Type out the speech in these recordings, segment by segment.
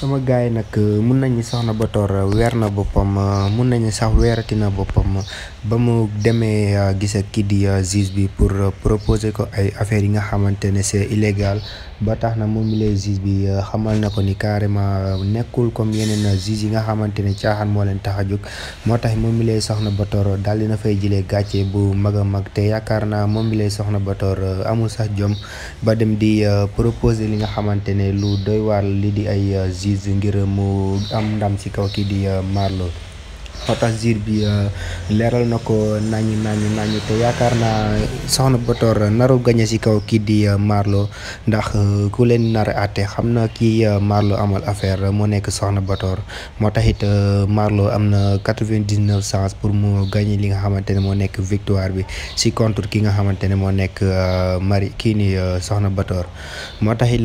sama gars yi nag euh, mun nañu soxna Bator euh, weer na boppam euh, mun nañu sax weerati na boppam ba mu demee gis ak kii di bi pour proposer ko ay affaires yi nga xamante ne c'est illégal ba tax na moom mi lay juge bi euh, xamal na ko ni carrément euh, nekkul comme yeneen euh, juge yi nga xamante ne caaxaan moo leen tax a jóg moo tax moom mi lay soxna Bator daal dina fay jëlee gàccee bu mag a mag te yaakaar naa moom mi lay soxna batoor amul sax jom ba dem di proposer li nga xamante ne lu doy waar li di ay juge ngir mu am ndam ci kaw kii di Marlo Tasdir bi euh, leeral na ko nañu nañu nañu te yaakaar naa soxna Bator naru gañe ci kaw kii di euh, Marlo ndax euh, ku leen nar àtte xam na kii Marlo amal affaire moo nekk soxna Bator moo taxit Marlo am na quatre-vingt-dix-neuf chance pour mu gañe li nga xamante ne moo nekk victoire bi ci contre ki nga xamante ne moo nekk mari kii ni soxna Bator moo taxit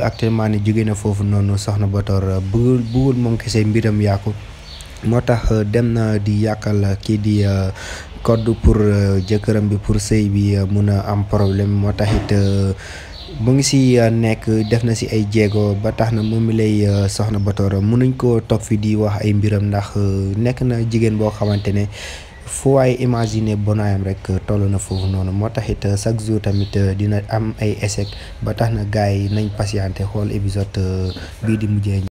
actuellement ni jóge na foofu noonu soxna Bator bëggul bëggul moom kese mbiram yàqu moo tax euh, dem na di yàqal kii di euh, code pour euh, jëkkëram bi pour sëy bi mun a am problème moo tax it mu ngi si nekk def na si ay jéego ba tax na moom mi lay soxna mun nañ ko topp fi di wax ay mbiram ndax nekk na jigéen boo xamante ne fu waaye imaginer bonaayam rek toll na foofu noonu moo tax it chaque jour tamit dina am ay échec ba tax na gars yi nañ patienté xool épisode bii di mujjee.